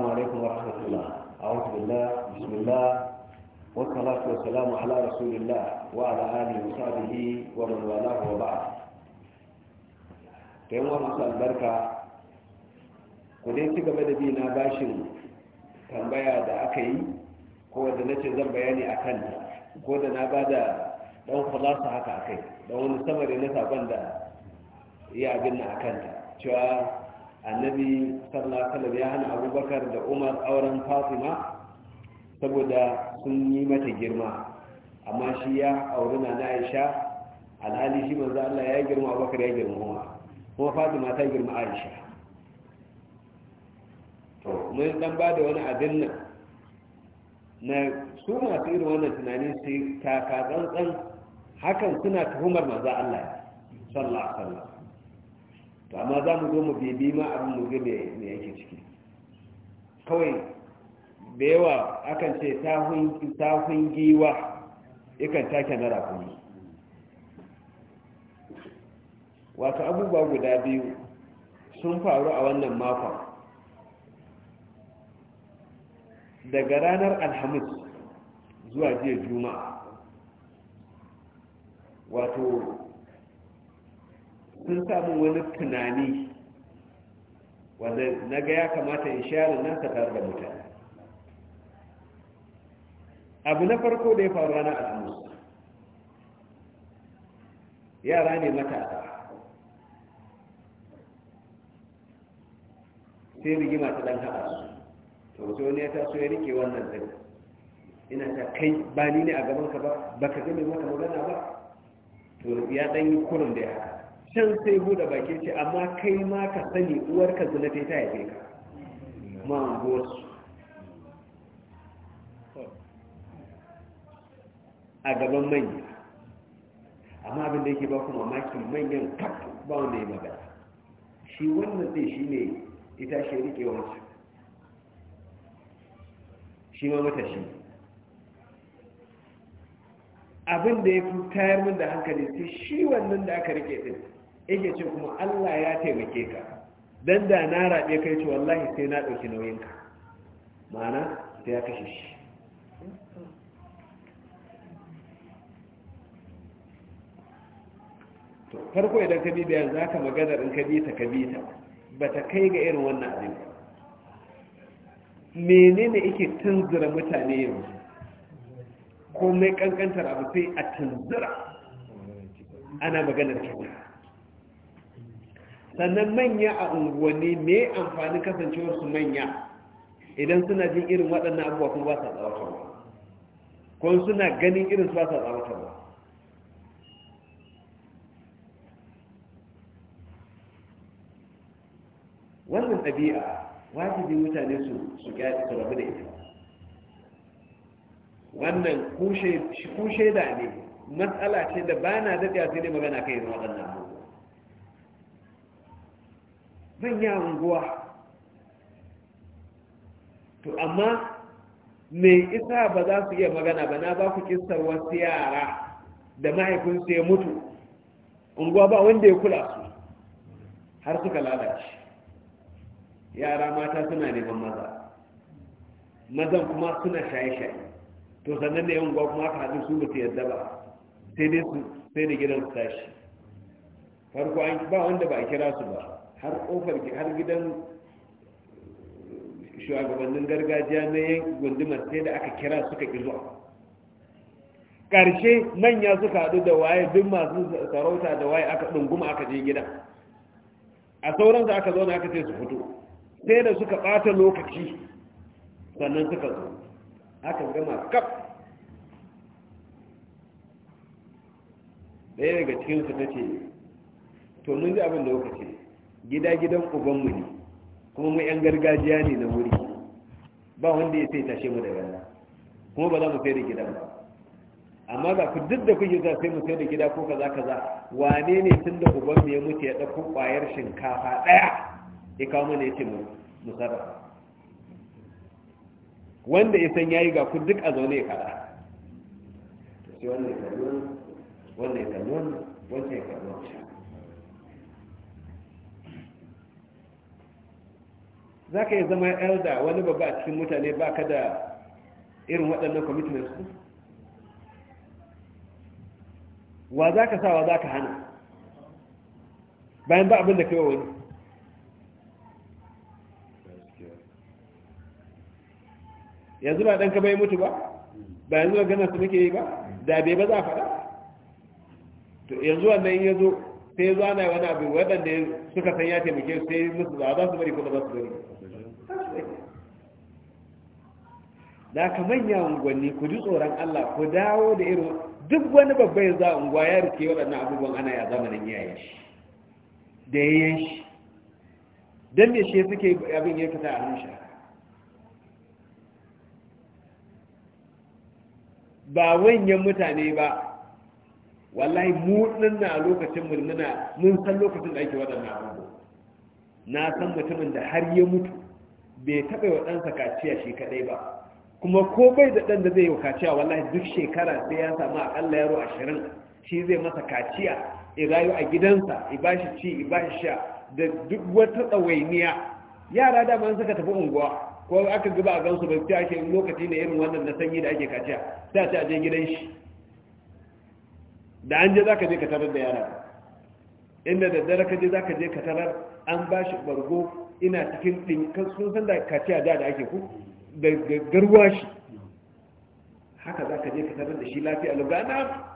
السلام عليكم ورحمة الله أعوذ بالله بسم الله والصلاة والسلام على رسول الله وعلى آله وصحبه ومن والاه وبعد ta yawan albarka ku dai ci gaba da bi na bashin tambaya da aka yi ko da na ce zan bayani a kanta ko da na ba da ɗan kulasa haka a kai da wani samari na saban da iya abin na a kanta cewa annabi sallallahu alaihi ya hana abubakar da umar auren fatima saboda sun yi mata girma amma shi ya auri na na aisha alhali shi manzo Allah ya girma abubakar ya girma umar kuma fatima ta girma aisha to mun dan ba da wani abin nan na su masu irin wannan tunani sai kaka tsantsan hakan suna tuhumar manzo Allah sallallahu alaihi wasallam to amma za mu zo mu bebe ma abin mu ga me yake ciki kawai da yawa akan ce tahun giwa ikan take na rakuni wato abubuwa guda biyu sun faru a wannan makon daga ranar alhamis zuwa jiya juma'a wato sun samu wani tunani wanda na ga ya kamata in share nan ta tare da mutane abu na farko da ya faru a alhamis yara ne matasa sai rigima ta dan haɗa su to wato wani ya taso ya rike wannan ɗin ina ta kai ba ni ne a gaban ka ba ba ka gane maka magana ba to ya ɗan yi kurin da ya haka can sai buɗe baki ce amma kai ma ka sani uwar ka zina ta yi ka ma unguwarsu a gaban manya amma abin da yake ba kuma mamaki manyan kaf ba wanda ya magana shi wannan zai shi ne ita shi rike wancan shi ma matashi abin da ya fi tayar min da hankali sai shi wannan da aka rike din yake ce kuma Allah ya taimake ka dan da na rabe kai ce wallahi sai na dauki nauyin ka ma'ana sai ya kashe shi to farko idan ka bi bayan zaka magana in ka bi ta ka bi ta bata kai ga irin wannan abin ba menene yake tunzura mutane yanzu komai kankantar abu sai a tunzura ana maganar kyauta sannan manya a unguwanni me amfani kasancewar su manya idan suna jin irin waɗannan abubuwa kuma ba sa tsawatarwa ko suna ganin irin su ba sa tsawatarwa wannan ɗabi'a wajibi mutane su su su rabu da ita wannan kushe da ne matsala ce da ba na daɗa sai dai magana kai waɗannan abubuwa Zan yi unguwa to amma mai isa ba za su iya magana ba na ba ku kistar wasu yara da mahaifinsu ya mutu unguwa ba wanda ya kula su har suka lalace yara mata suna neman maza mazan kuma suna shaye-shaye to sannan ne unguwa kuma aka haɗu su mutu yadda ba sai dai su sai da gidan su tashi farko ba wanda ba a kira su ba har kofar har gidan shugabannin gargajiya na yan gundumar sai da aka kira suka ki zuwa ƙarshe manya suka haɗu da waye duk masu sarauta da waye aka ɗunguma aka je gida a sauransu aka zauna aka ce su fito sai da suka ɓata lokaci sannan suka zo aka gama kaf ɗaya daga cikinsu ta ce to mun ji abin da lokaci ne gida gidan ubanmu ne kuma mu 'yan gargajiya ne na wuri ba wanda ya sai tashe mu da rana kuma ba za mu sai da gida ba amma ga ku duk da kuke za sai mu sai da gida ko kaza kaza wane ne tun da ubanmu ya mutu ya ɗauko ƙwayar shinkafa ɗaya ya kawo mana ya ce mu sarrafa wanda ya san yayi ga ku duk a zaune ya kaɗa sai wannan ya kalli wannan ya kalli wannan ya kalli za ka iya zama elda wani babba a cikin mutane ba ka da irin waɗannan commitments su wa za ka sa wa za ka hana bayan ba abin da kai wani yanzu ba ɗan ka bai mutu ba ba yanzu ba ganin su muke yi ba da bai ba za a faɗa to yanzu wannan ya zo sai zuwa na wani abu waɗanda suka san ya taimake sai musu za su bari kuma za su bari da ka manya unguwanni ku ji tsoron Allah ku dawo da irin duk wani babba ya za unguwa ya rike waɗannan abubuwan ana ya zamanin yayin shi da yayin shi don da shi suke abin ya fita a hannun ba wanyan mutane ba wallahi mu na a lokacin mulmuna mun san lokacin da ake waɗannan abubuwa na san mutumin da har ya mutu bai taɓa wa ɗansa kaciya shi kaɗai ba kuma ko bai da ɗan da zai yi kaciya wallahi duk shekara sai ya samu aƙalla yaro ashirin shi zai masa kaciya ya rayu a gidansa ya ba shi ci ya ba shi sha da duk wata tsawainiya yara da man suka tafi unguwa ko aka gaba a gansu ba sai ake lokaci ne irin wannan na sanyi da ake kaciya sai a ce a je gidan shi da an je zaka je ka tarar da yara inda da dare ka je zaka je ka tarar an ba shi bargo ina cikin ɗin sun san da kaciya da da ake ku da shi, haka za ka je ka sanar da shi lafiya lugana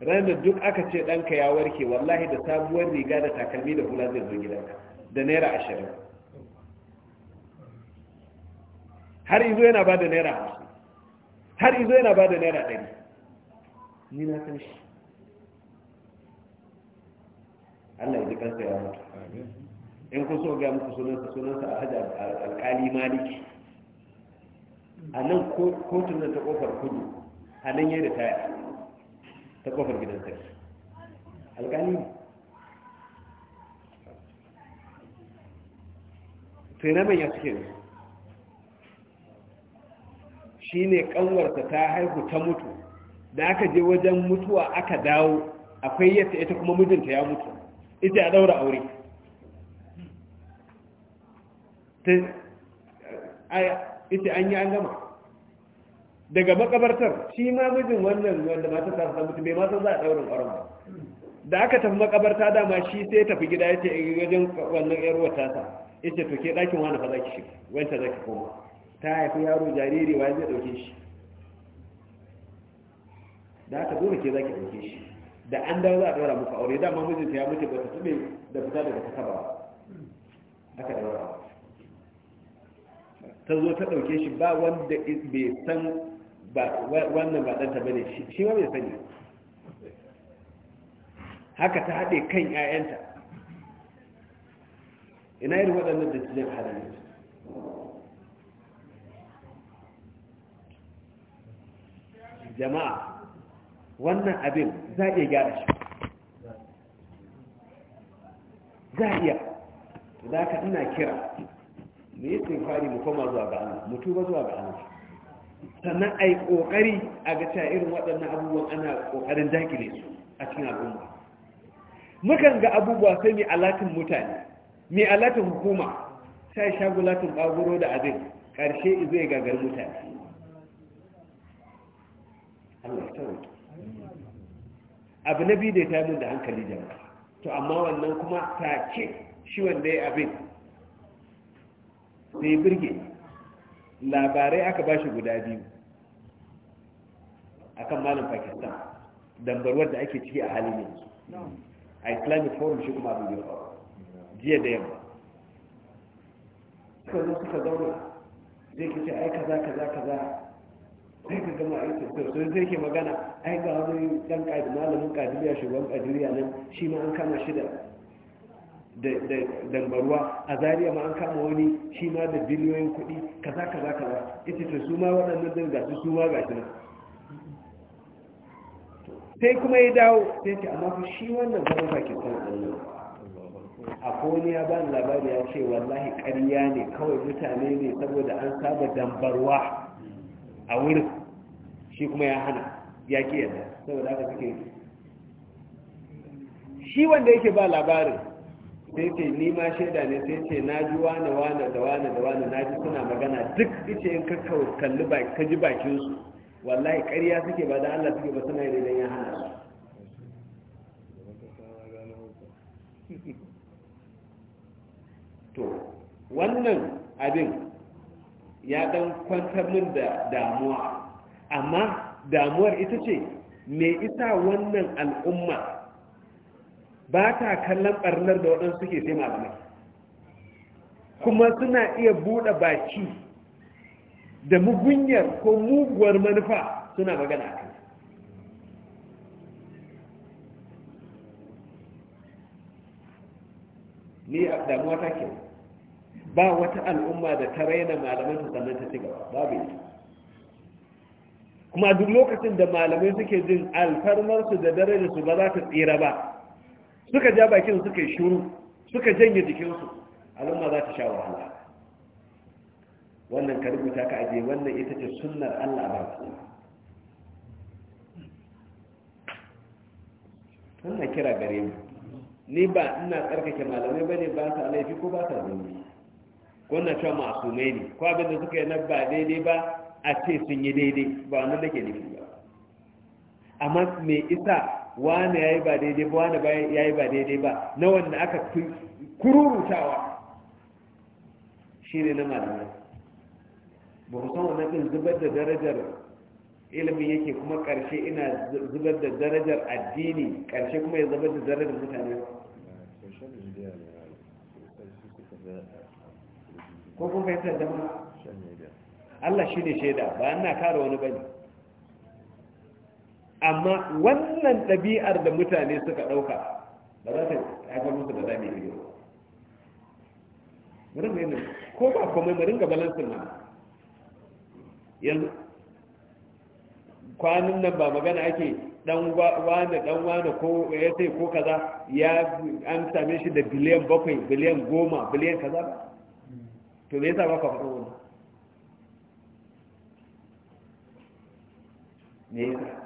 ranar duk aka ce ɗanka ya warke wallahi da sabuwar riga da takalmi da hula zai zo gidanka da naira ashirin har izo yana ba da naira hamsin har izo yana ba da naira ɗari ni na san shi Allah ya ji kansa ya mutu in kun so ga muku sunansa sunansa a hajji alkali maliki a nan kotun nan ta kofar kudu a nan yi ritaya ta kofar gidan sarki alkali firamin ya suke ne shi ne kanwarsa ta haihu ta mutu da aka je wajen mutuwa aka dawo akwai yadda ita kuma mijinta ya mutu ita ya daura aure ta ita an yi an gama daga makabartar shi ma mijin wannan wanda ta sarsa mutu bai masu za a daurin ƙwaron ba da aka tafi makabarta dama shi sai ya tafi gida ya ce eh, wajen wannan yar wata ta ita to ke dakin wani fa za ki shiga wancan za ki koma ta haifi yaro jariri wa zai dauke shi da aka dole ke za ki dauke shi da an dawo za a daura muku aure dama mijinta ya mutu ba ta tube da fita daga ta ba aka daura. ta zo ta ɗauke shi ba wanda bai san wannan ba ɗanta ba ne shi ma bai sani haka ta haɗe kan 'ya'yanta ina yin waɗannan da cikin halayen jama'a wannan abin za iya gyara shi za a iya za ka ina kira mu yi fari mu koma zuwa ga Allah mu tuba zuwa ga Allah sannan a yi ƙoƙari a ga cewa irin waɗannan abubuwan ana ƙoƙarin dakile su a cikin al'umma mukan ga abubuwa sai mai alatin mutane mai alatin hukuma sai latin ɓagoro da abin ƙarshe zai gagar mutane Allah ta wuce abu na biyu da ya tamin da hankali jama'a to amma wannan kuma ta ce shi wanda ya abin sai birge labarai aka ba shi guda biyu akan malin pakistan dambarwar da ake ciki a halin yanzu a islamic forum shi kuma abin yau jiya da yamma suka zo suka zauna zai kace ai kaza kaza kaza sai ka gama aiki sosai zai ke magana ai ga wani dan malamin kadiriya shugaban kadiriya nan shi ma an kama shida da dambarwa a zariya ma an kama wani shi ma da biliyoyin kuɗi kaza kaza kaza ita ta su ma waɗannan zai gasu su ma gasu nan sai kuma ya dawo sai ta amma shi wannan zama pakistan ɗin nan a kone ya ba labari ya ce wallahi ƙarya ne kawai mutane ne saboda an saba dambarwa a wurin shi kuma ya hana ya ƙi yadda saboda haka suke shi wanda yake ba labarin sai ce ni ma shaida ne sai ce na ji wane wane da wane da wane na ji suna magana duk ice in kakkau kalli ka ji bakin su wallahi ƙarya suke ba da Allah suke ba suna yi don ya hana ba to wannan abin ya dan kwantar min da damuwa amma damuwar ita ce me isa wannan al'umma ba ta kallon ɓarnar da waɗansu suke sai malamai kuma suna iya buɗe baki da mugunyar ko muguwar manufa suna magana kan ni a damuwa ta ke ba wata al'umma da ta raina malamanta sannan ta ci gaba babu yi kuma duk lokacin da malamai suke jin alfarmarsu da darajarsu ba za ta tsira ba suka ja bakin suka yi shuru suka janye jikinsu al'umma za ta sha wahala wannan ka rubuta ka aje wannan ita ce sunnar Allah ba ku wannan kira gare mu ni ba ina tsarkake malamai bane ba sa alaifi ko ba sa zunubi ko na cewa masumai ne ko abin da suka yi na ba daidai ba a ce sun yi daidai ba wannan ke nufi ba amma me isa wane yayi ba daidai ba wane yi ba daidai ba na wanda aka kururutawa ne na malamai ba ku san wannan zubar da darajar ilimi yake kuma karshe ina zubar da darajar addini karshe kuma ya zubar da darajar mutane ko kun fahimtar da Allah shi ne shaida ba na kare wani bane amma wannan ɗabi'ar da mutane suka ɗauka ba za ta haifar musu da zami ne murin ne nan ko ba kuma murin ga balansin nan yanzu kwanan nan ba magana ake dan wane dan wane ko ya sai ko kaza ya an same shi da biliyan bakwai biliyan goma biliyan kaza ba to me yasa ba ka faɗo wannan me yasa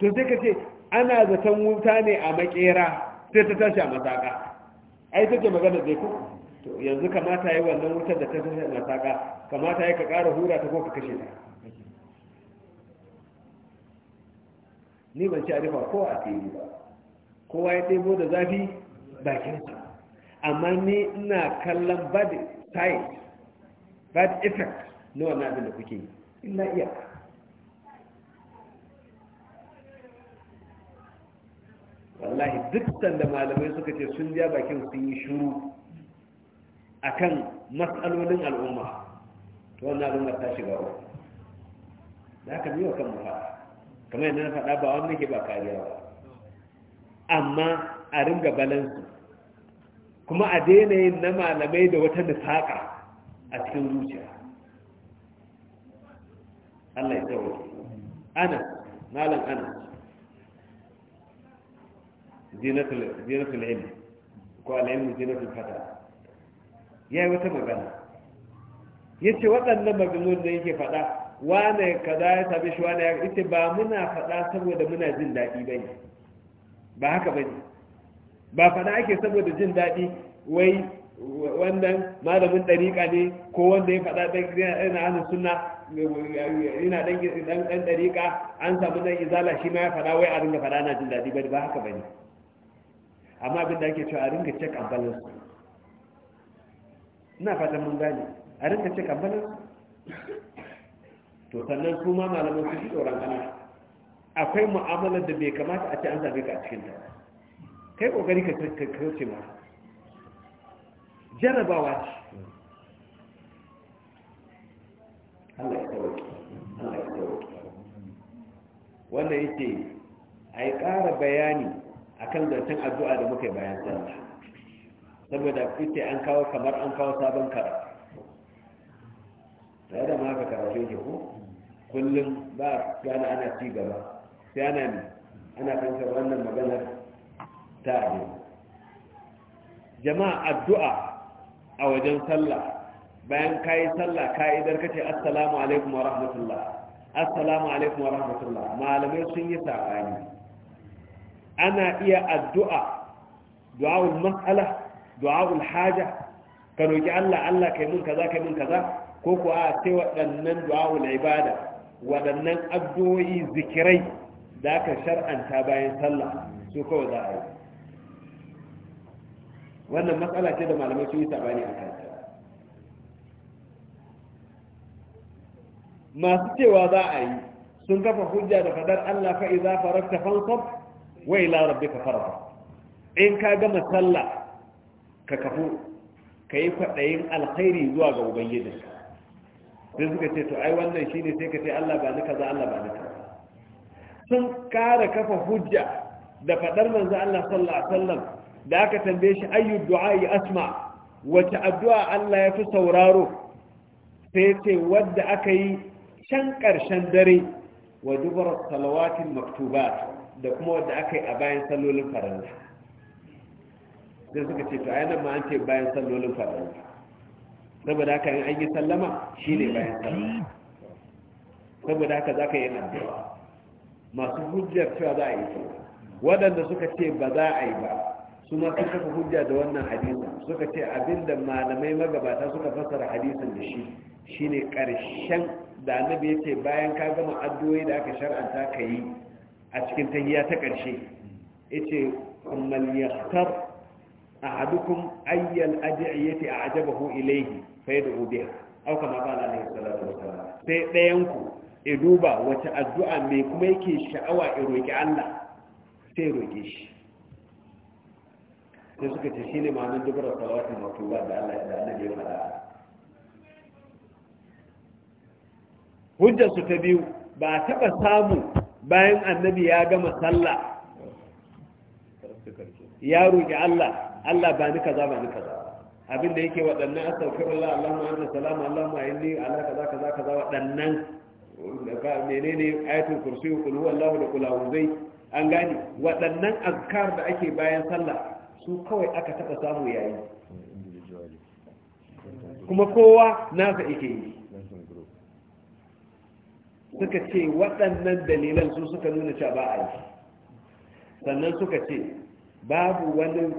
to sai ka ce ana zaton wuta ne a makera sai ta tashi a masaka ai take magana zai ku to yanzu kamata yi wannan wutar da ta tashi a masaka kamata yi ka ƙara hura ta ko ka kashe ta ni ban ci a rufa ko a fili ba kowa ya ɗebo da zafi bakinsa amma ni ina kallon bad side bad effect na wannan abin da kuke yi ina iya wallahi duk sanda malamai suka ce sun ja bakin sun yi shuru akan matsalolin al'umma to wannan al'umma ta shiga uku da aka biyo kan mafa kamar yadda na faɗa ba wani ke ba kariya ba amma a ringa balansu kuma a daina yin na malamai da wata nufaƙa a cikin zuciya Allah ya tsawo ana malam ana zinatul ilm ko al'ilmu zinatul fata ya yi wata magana ya ce waɗannan maganganun da yake faɗa wane kaza ya same shi wane ya ita ba muna faɗa saboda muna jin daɗi ba ne ba haka ba ne ba faɗa ake saboda jin daɗi wai wannan malamin ɗariƙa ne ko wanda ya faɗa ɗan yana hannun suna yana ɗan ɗariƙa an samu ɗan izala shi ma ya faɗa wai a ringa faɗa na jin daɗi ba ba haka ba ne amma abin da ake cewa a ringa cek and balance ina fatan mun gane a ringa cek and balance to sannan su ma malaman su ji tsoron ana akwai mu'amalar da bai kamata a ce an zabe ka a cikin ta kai kokari ka kauce ma jarabawa ce Allah ya tawaki Allah ya tawaki wannan yake ai ƙara bayani A kan zancen addu'a da muka bayan sallah saboda kuce an kawo kamar an kawo sabon karatu tare da maka karatu yake ko kullum ba gane ana ci gaba sai ana ne ana fahimtar wannan maganar ta abu jama'a addu'a a wajen sallah bayan ka yi sallah ka idar ka ce assalamu alaikum wa rahmatullah assalamu alaikum wa rahmatullah malamai sun yi saɓani ana iya addu'a du'a'ul mas'ala du'a'ul haja ka roƙi Allah Allah kai mun kaza kai mun kaza ko kuwa a sai waɗannan du'a'ul ibada waɗannan addu'o'i zikirai da aka shar'anta bayan sallah su kawai za a yi wannan matsala ce da malamai sun yi sabani a kanta masu cewa za a yi sun kafa hujja da fadar Allah fa iza farakta Wai ila rabbika farfa in ka gama sallah ka kafu ka yi kwaɗayin alkhairi zuwa ga ubangijinka sai suka ce to ai wannan shine sai ka ce Allah ba ni za Allah ba ni sun kara kafa hujja da faɗar manzo Allah sallallahu alaihi wasallam da aka tambaye shi ayyu du'a asma wace addu'a Allah ya fi sauraro sai ce wadda aka yi can ƙarshen dare wa dubar salawatin maktubat da kuma wadda aka yi a bayan sallolin faranta sai suka ce to a yanar ma an ce bayan sallolin faranta saboda haka yin an yi sallama shi ne bayan sallama saboda haka za ka yi addu'a masu hujjar cewa za a yi sallama waɗanda suka ce ba za a yi ba su ma sun kafa hujja da wannan hadisin suka ce abinda malamai magabata suka fassara hadisin da shi shine ƙarshen da annabi ya ce bayan ka gama addu'o'i da aka shar'anta ka yi a cikin tahiya ta ƙarshe yace kummal a ahadukum ayyal adiyati a'jabahu ilayhi fayad'u biha aw kama qala alayhi salatu wassalam sai ɗayan ku ya duba wace addu'a mai kuma yake sha'awa ya roki Allah sai roke shi sai suka ce shine ma'anar dubara salawatin maktuba da Allah da Annabi ya fara hujjar su ta biyu ba taɓa samu bayan annabi ya gama sallah ya roƙi Allah Allah ba ni kaza ba ni kaza abin da yake waɗannan astaghfirullah Allahumma anta salam Allahumma inni ala kaza kaza kaza waɗannan menene ayatul kursi qul huwallahu da qul zai an gani waɗannan azkar da ake bayan sallah su kawai aka taɓa samu yayi kuma kowa nasa yake yi suka ce waɗannan dalilan su suka nuna cewa ba a yi sannan suka ce babu wani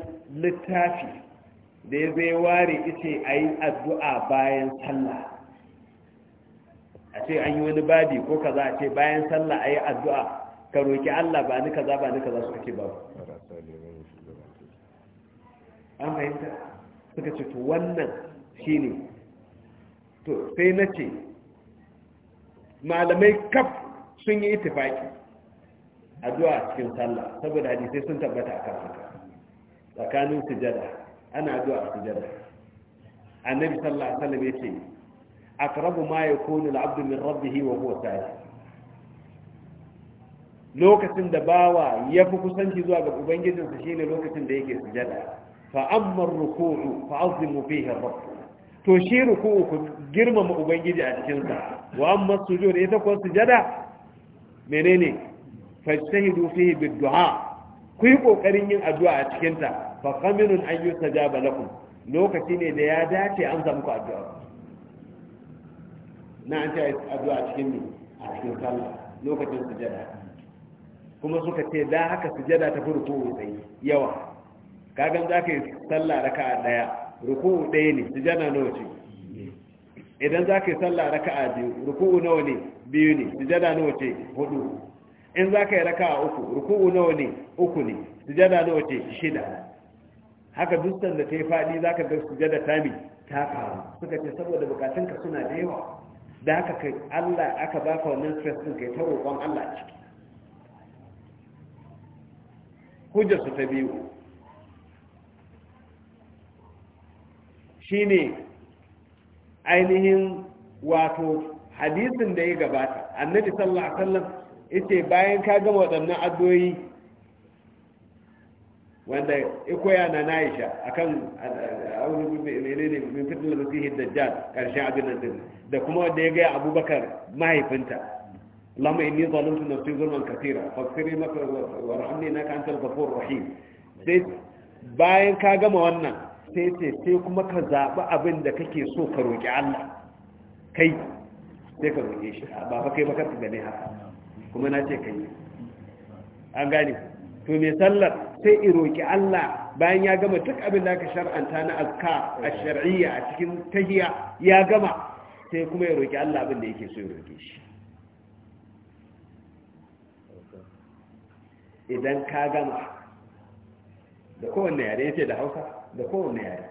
littafi da ya zai ware ita a yi addu'a bayan sallah a ce an yi wani babi ko kaza a ce bayan sallah a yi addu'a ka roƙi Allah ba ni kaza ba ni kaza suka ce babu an fahimta suka ce to wannan shi ne to sai na ce malamai kaf sun yi itifaki zuwa cikin sallah saboda hadisai sun tabbata a kan haka tsakanin sujada ana zuwa a sujada annabi sallallahu alaihi wasallam yace aqrabu ma yakunu al-'abdu min rabbihi wa huwa sajid lokacin da bawa ya fi kusanci zuwa ga ubangijinsa shine lokacin da yake sujada fa amma ar-ruku'u fa fihi ar-rabb to shi ruku'u ku girmama ubangiji a cikinsa wa amma sujud ita kuwa sujada menene fajtahidu fihi bid-du'a ku yi kokarin yin addu'a a cikinta fa qaminun an yustajaba lakum lokaci ne da ya dace an zama ku addu'a na an ce addu'a a cikin ne a cikin sallah lokacin sujada kuma suka ce da haka sujada ta fi ruku'u yawa kagan ka yi sallah raka'a daya ruku'u ɗaya ne sujada nawa ce idan za ka yi sallah raka'a biyu ruku'u nawa ne biyu ne sujada nawa ce hudu in za ka yi raka'a uku ruku'u nawa ne uku ne sujada nawa ce shida haka duk sanda ta yi faɗi za ka ga sujada ta mi ta karu suka ce saboda bukatunka suna da yawa da haka kai Allah aka baka wannan stress ɗin kai ta roƙon Allah ciki hujjar ta biyu Shi ne ainihin wato hadisin da ya gabata annabi sallallahu alaihi wasallam yace bayan ka gama waɗannan addu'o'i wanda ya koya na Aisha akan auzu menene min fitnal masihi dajjal karshen abin nan da kuma wanda ya ga Abubakar mahaifinta اللهم إني ظلمت نفسي ظلما كثيرا فاغفر لي وارحمني إنك أنت الغفور الرحيم sai bayan ka gama wannan sai ce sai kuma ka zaɓi abin da kake so ka roƙi Allah kai sai ka roƙe shi ah, ba fa kai ba gane haka kuma na ce kai an gane to me sallar sai i roƙi Allah bayan ya gama duk abin da aka shar'anta na azka a shar'iyya a cikin tahiya ya gama sai kuma ya roƙi Allah abin da yake so ya roƙe shi idan ka gama da kowanne yare yace da Hausa da kowane yare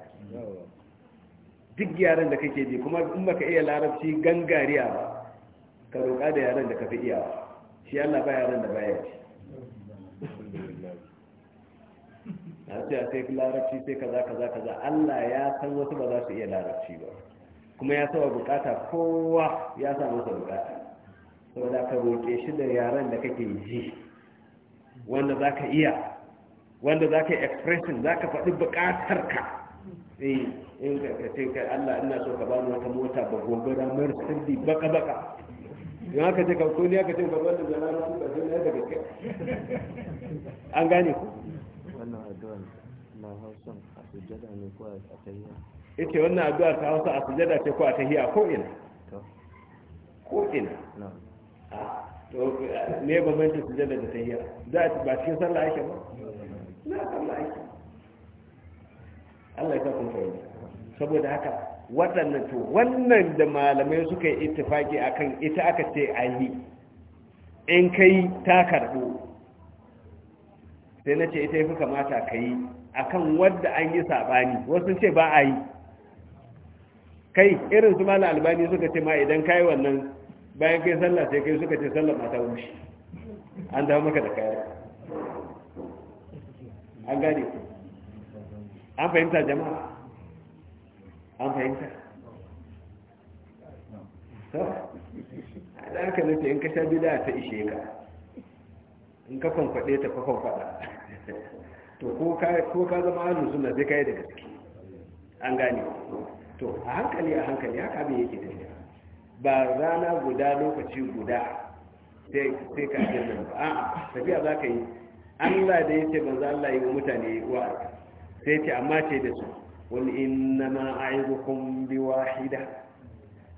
duk yaren da kake ji kuma in baka iya larabci gangariya ba ka roƙa da yaren da ka fi iya shi Allah ba yaren da baya ci a ce a sai larabci sai kaza kaza kaza Allah ya san wasu ba za su iya larabci ba kuma ya saba bukata kowa ya sa masa bukata saboda ka roƙe shi da yaren da kake ji wanda za ka iya wanda za ka yi expression za ka faɗi buƙatar ka eh, in ka ce kai Allah ina so ka bani wata mota ba gobe da mar sirri baka baka in aka ce ka ko ne aka ce ba wannan da na su ka sai na daga kai an gane ku wannan addu'a na Hausa a sujada ne ko a tahiya yace wannan addu'a ta Hausa a sujada ce ko a tahiya ko ina ko ina ah, to me ta sujada da tahiya za ba cikin sallah ake ba suna sallah aiki Allah ya kun fahimta saboda haka waɗannan to wannan da malamai suka yi ittifaki akan ita aka ce a yi in kai ta karɓo sai na ce ita ya fi kamata ka yi akan wadda an yi saɓani wasu ce ba a yi kai irin su mala albani suka ce ma idan ka yi wannan bayan kai sallah sai kai suka ce sallah mata wuce an dawo maka da kayan an gane ku an fahimta jama'a an fahimta da aka nufi in ka sha bida ta ishe ka in ka kwankwaɗe ta kwakwan fada to ko ka zama hannun suna zai kayi da gaske an gane to a hankali a hankali haka abin yake tafiya ba rana guda lokaci guda sai ka ajiyar ba a tafiya za ka yi Allah da ya ce banza Allah yi wa mutane wa’ar sai ce amma ce da su wani ina ma a yi hukun biwa shida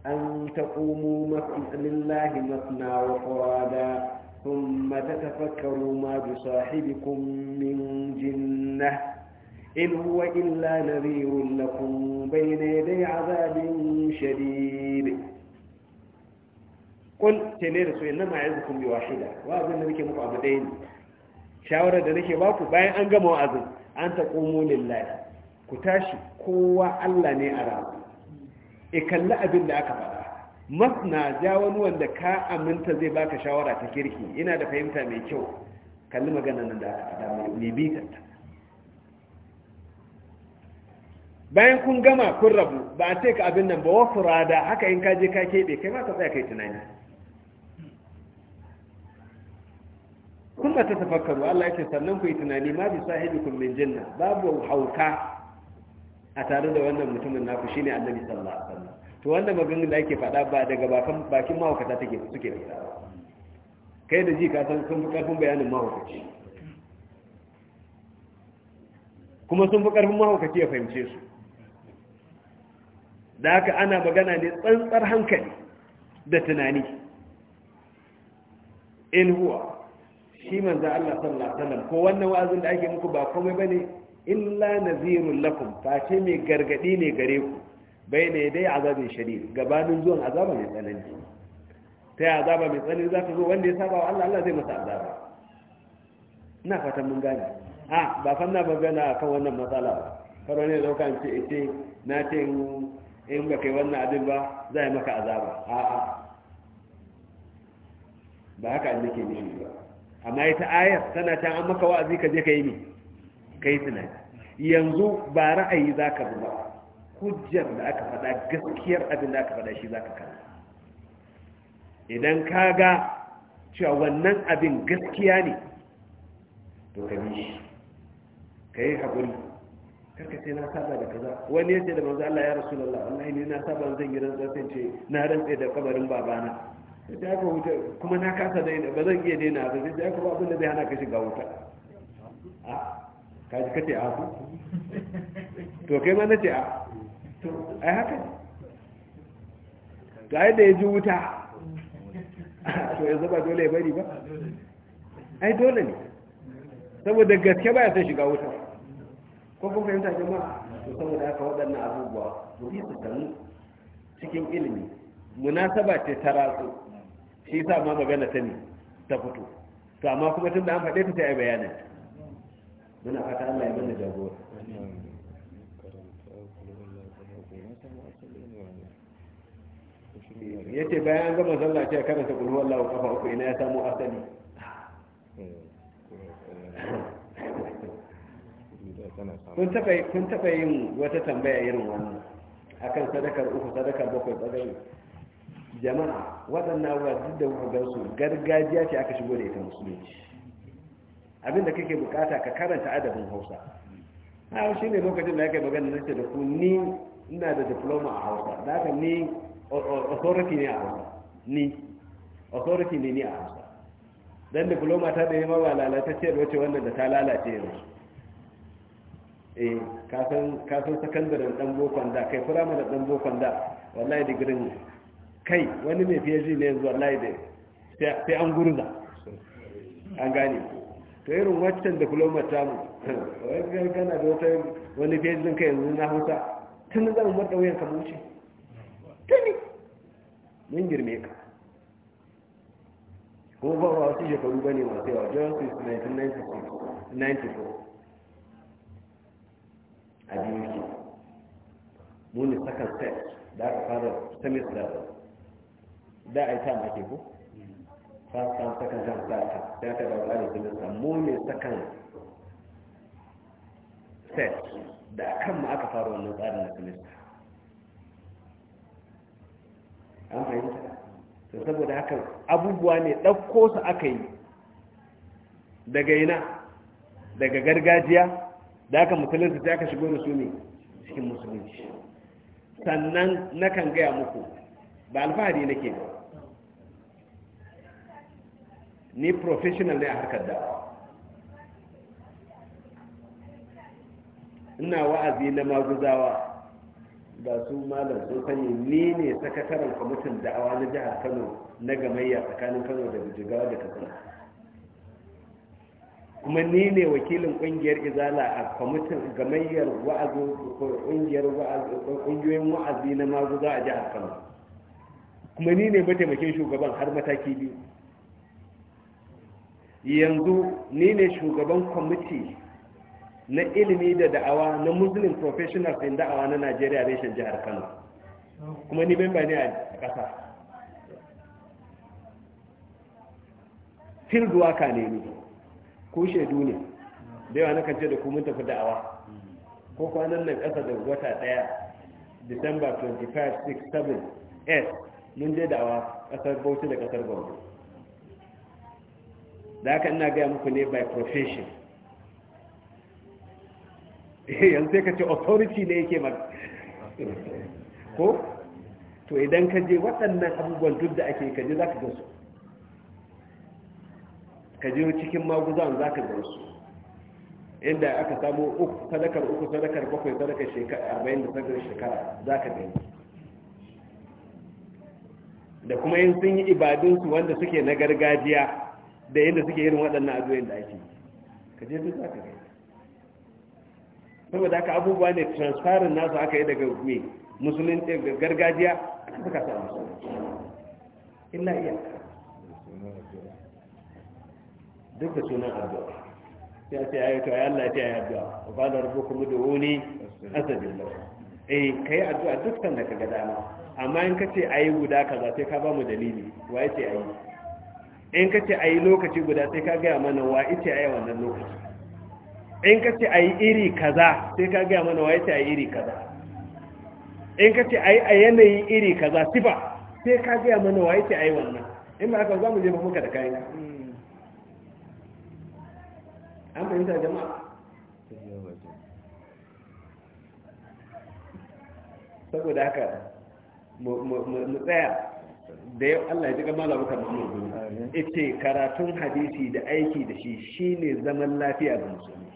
an ta ƙomo matsalin lahi matsina wa ƙwada sun mata ta fakaru ma bi sahibi kun min jinna in huwa illa na riyun na kun bai azabin shadiri kun ce ne da su ina ma a yi hukun biwa shida wa abin da muke muku abu ɗaya ne shawarar da nake baku bayan an gama wa'azin an ta komo lillahi ku tashi kowa Allah ne a rabu e kalli abin da aka faɗa masna ja wani wanda ka aminta zai baka shawara ta kirki ina da fahimta mai kyau kalli magana nan da aka faɗa mai bikanta bayan kun gama kun rabu ba a ce ka abin nan ba wasu rada haka in ka je ka keɓe kai ma ka tsaya kai tunani kuma ta tafakkaru Allah yake sannan ku yi tunani ma bi sahibikum min janna babu hauka a tare da wannan mutumin naku shine annabi sallallahu alaihi wasallam to wannan maganganun da ake faɗa ba daga bakan bakin mahaukata take suke fita kai da ji ka san sun fi karfin bayanin mahaukaci kuma sun fi karfin mahaukaci ya fahimce su da haka ana magana ne tsantsar hankali da tunani in huwa shi manzan Allah sallallahu alaihi wasallam ko wannan wa'azin da ake muku ba komai bane illa nazirul lakum face mai gargadi ne gare ku ne dai azabin shadid gabanin zuwan azaba mai tsanani ta azaba mai tsanani za ta zo wanda ya saba wa Allah Allah zai masa azaba ina fatan mun gane a ba fa na magana kan wannan matsala ba karo ne dauka ce ite na ce in ba kai wannan abin ba za yi maka azaba a'a ba haka an nake nufi ba amma ita ayar tana can an maka wa'azi ka je ka yi ne ka yi tunani yanzu ba ra'ayi za ka ba hujjar da aka faɗa gaskiyar abin da aka faɗa shi za ka kalla idan ka ga cewa wannan abin gaskiya ne to ka bi shi ka yi haƙuri karka sai na saba da kaza wani ya ce da manzo Allah ya rasu Allah wallahi ne na saba zan yi rantsar ce na rantse da kabarin babana sai aka wuta kuma na kasa daina ba zan iya daina ba sai aka ba abin da zai hana ka shiga wuta ka ji kace a ku to kai ma na ce a to ai haka ga yadda ya ji wuta to yanzu ba dole ya bari ba ai dole ne saboda gaske ba ya son shiga wuta ko kuma fahimta jama'a to saboda haka waɗannan abubuwa mu yi su cikin ilimi munasaba ce ta ratsu shi sa ma magana ta ne ta fito to amma kuma tun da an faɗe ta ta yi bayanin muna fata Allah ya mana jagora ya ce bayan an gama zalla ce karanta kulhu Allah wa kafa uku ina ya samu asali kun taɓa kun taba yin wata tambaya irin wannan akan sadakar uku sadakar bakwai tsagari jama'a waɗannan abuwa duk da gansu gargajiya ce aka shigo da ita musulunci abinda kake bukata ka karanta adabin hausa a shi ne lokacin da yake magana na ce da ku ni ina da diploma a hausa da haka ni authority ne a hausa ni authority ne ni a hausa dan diploma ta da yamma ba lalatacce da wace wanda da ta lalace yanzu eh kasan kasan sakandaren dan bokon da kai firamare dan bokon da wallahi digirin kai wani mai phd ne yanzu wallahi da sai an gurza an gane to irin waccan diploma ta mu wai gana da wata wani phd ka yanzu na hausa tun zan mata wuyan ka wuce tuni mun girme ka kuma ba wasu shekaru ne masu yawa john smith 1994 a biyu ke muni second set da aka fara semester da a yi tam ake ko ta time second da ta time ta aka da wani jinin sa mu ne second set da kan ma aka fara wannan tsarin na semester an fahimta to saboda haka abubuwa ne ɗauko su aka yi daga ina daga gargajiya da aka musulunci ta aka shigo da su ne cikin musulunci sannan na kan gaya muku ba alfahari nake ba ni professional ne a harkar da'awa ina wa'azi na maguzawa ba su malam sun sani ni ne sakataren kwamitin da'awa na jihar kano na gamayya tsakanin kano da jigawa da katsina kuma ni ne wakilin kungiyar izala a kwamitin gamayyar kungiyoyin wa'azi na maguzawa a jihar kano kuma ni ne mataimakin shugaban har mataki biyu yanzu ni ne shugaban kwamiti na ilimi da da'awa na muslim professionals in da'awa na najeriya reshen jihar kano kuma ni memba ne a ƙasa filduwa ka ne ni ko shaidu ne da yawa na kance da kuma tafi da'awa ko kwanan nan ƙasa da wata ɗaya december 25 6 7 8 mun je da'awa ƙasar bauchi da ƙasar gombe da haka ina gaya muku ne by profession eh, yanzu sai ka ce authority ne yake ma ko to idan ka je waɗannan abubuwan duk da ake kaji za ka gansu ka je cikin maguzan za ka gansu inda aka samu uku sadakar uku sadakar bakwai sadakar shekara arba'in da sadakar shekara za ka gani da kuma yin sun yi ibadunsu wanda suke na gargajiya da yadda suke yin waɗannan abubuwan da ake yi ka je duk ka gani saboda haka abubuwa ne transparent nasu aka yi daga me musulun gargajiya aka saka su a illa iya duk da sunan abuwa Ya ce ya yi to ya Allah ce ya yi kuma da wuni, qala rabbukum da astajib E, eh yi abuwa duk sanda gada dama amma in ka a ayi guda kaza sai ka ba mu dalili ya ce ayi in ka ce a yi lokaci guda sai ka gaya mana wa ita a yi wannan lokaci in ka ce a yi iri kaza sai ka gaya mana wa ita a yi iri kaza in ka ce a yi a yanayi iri kaza sifa sai ka gaya mana wa ita a yi wannan in ba aka za mu je ba muka da kayan an fahimta jama'a saboda haka mu tsaya da yau Allah ya ji gama labuka Muhammad Gumi ita karatun hadisi da aiki da shi shine zaman lafiya ga musulmi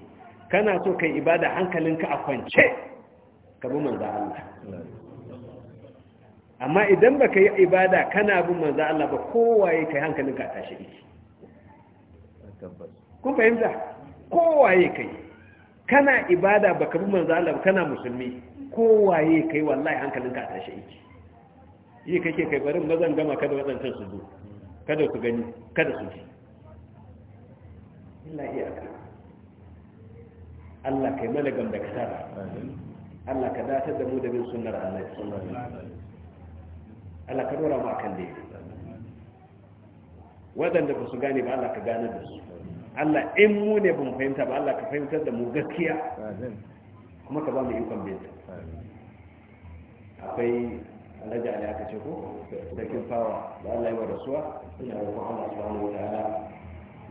kana so kai ibada hankalinka a kwance ka bi manzo Allah amma idan baka yi ibada kana bin manzo Allah ba kowaye kai hankalinka a tashi yake kun fahimta kowaye kai kana ibada baka bi manzo Allah ba kana musulmi kowaye kai wallahi hankalinka a tashi yake yi kake kai barin mazan gama kada waɗancan su zo kada su gani kada su ji illa iyaka Allah kai mana gam da kasara Allah ka datar da mu da bin sunnar Allah Allah ka dora mu akan dai waɗanda ba su gane ba Allah ka gane da su Allah in mu ne ba mu fahimta ba Allah ka fahimtar da mu gaskiya kuma ka ba mu ikon bin akwai alhaji ali aka ce ko sarkin fawa da Allah ya wa rasuwa ina Allah subhanahu wataala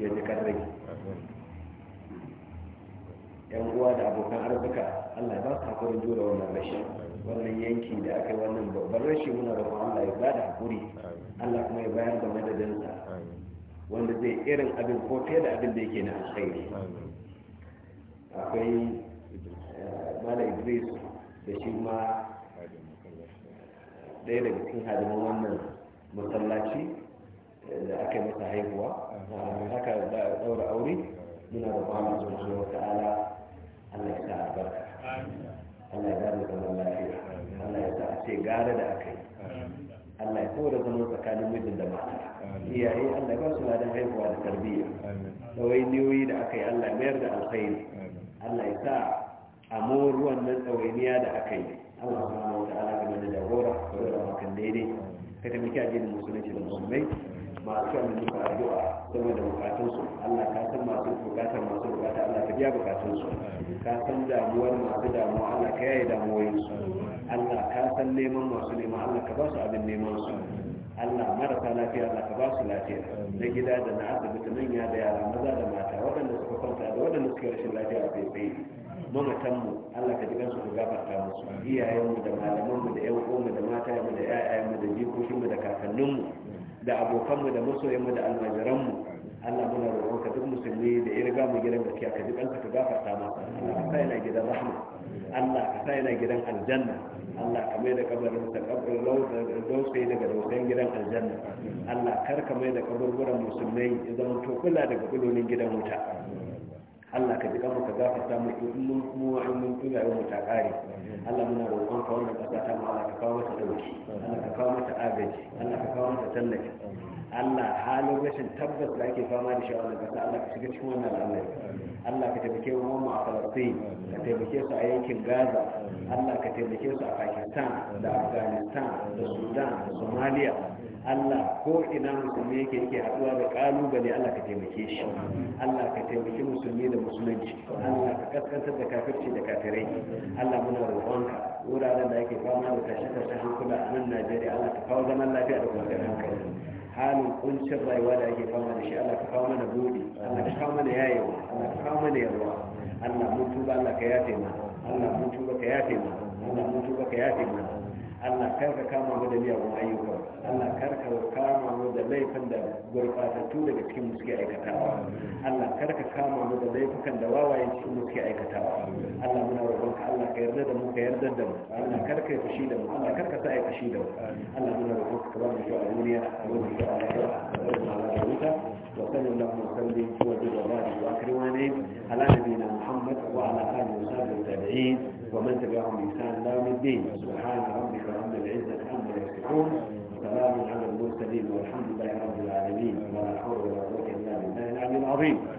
ya ji karrai yan uwa da abokan arzika Allah ya ba su hakurin jure wannan rashi wannan yanki da aka yi wannan babban rashi muna roƙon Allah ya da hakuri Allah kuma ya bayar da madadinsa wanda zai irin abin ko fiye da abin da yake na alkhairi akwai eh, mala idris da shi ma ɗaya daga cikin hadimin wannan masallaci da aka masa haihuwa a haka da ɗaura aure muna da kwanan zuwa wata ala Allah ya sa albarka Allah ya ba da zaman lafiya Allah ya sa a ce gara da aka yi Allah ya kora zaman tsakanin mijin da mata iyaye Allah ya ba su ladan haihuwa da tarbiyya niyoyi da aka yi Allah mayar da alkhairi Allah ya sa a ruwan nan tsawainiya da aka yi Allah subhanahu wataala ga mana jagora da dora makan daidai ka taimaki addinin musulunci da musulmai masu kan muka addu'a saboda bukatunsu Allah ka san masu bukatar masu bukata Allah ka biya bukatunsu ka san damuwar masu damuwa Allah ka yaye damuwoyinsu Allah ka san neman masu neman Allah ka ba su abin neman su Allah marasa lafiya Allah ka ba su lafiya na gida da na asibiti manya da yara maza da mata waɗanda suka kwanta da waɗanda suka rashin lafiya a faifai mu Allah ka jigan su ka gafarta musu iyayen mu da malaman mu da yan uwanmu da mu da mu da jikokin mu da kakanninmu da abokanmu da masoyanmu da almajiranmu Allah muna roƙon ka duk musulmi da ya riga mu gidan gaskiya ka jigan su ka gafarta masa Allah ka sa yana gidan rahma Allah ka sa yana gidan aljanna Allah ka mai da kabarin ta kabarin dausayi daga dausayin gidan aljanna Allah kar ka mai da kaburburan musulmai ya zama to kula daga kulolin gidan wuta Allah ka ji kanmu ka gafarta mu in mun mu in mun tuna yau kare Allah muna roƙon ka wannan ƙasa ta mu Allah ka kawo mata dauki Allah ka kawo mata agaji Allah ka kawo mata tallafi Allah halin rashin tabbas da ake fama da shawar da kasa Allah ka shiga cikin wannan al'amari Allah ka taimake mu mamma a Falastin ka taimake su a yankin Gaza Allah ka taimake su a Pakistan da Afghanistan da Sudan da Somalia Allah ko ina musulmi yake yake haɗuwa da ƙalubale Allah ka taimake shi Allah ka taimaki musulmi da musulunci Allah ka kaskantar da kafirci da kafirai Allah muna roƙonka wuraren da ake fama da tashe-tashen hankula a nan Najeriya Allah ka kawo zaman lafiya da kwanciyar hankali halin kuncin rayuwa da ake fama da shi Allah ka kawo mana buɗi Allah ka kawo mana Allah ka kawo mana Allah mun tuba Allah ka yafe mana Allah mun tuba ka yafe mana Allah mun tuba ka yafe mana Allah kar ka kama mu da miyagun ayyuka Allah kar ka kama mu da laifin da gurbatattu daga cikin mu suke aikatawa Allah kar ka kama mu da laifukan da wawaye cikin mu suke aikatawa Allah muna roƙon ka Allah ka yarda da mu ka yarda da mu Allah kar ka yi fushi da mu Allah kar ka sa ai fushi da mu Allah muna roƙon ka ba mu shi a duniya a roƙon ka Allah ya yarda da mu وصلى الله وسلم وزد وبارك واكرمانه على نبينا محمد وعلى اله وصحبه التابعين ومن تبعهم بإحسان الى يوم الدين سبحان ربي يصفون سلام على المرسلين والحمد لله رب العالمين ولا حول ولا قوه الا بالله العلي العظيم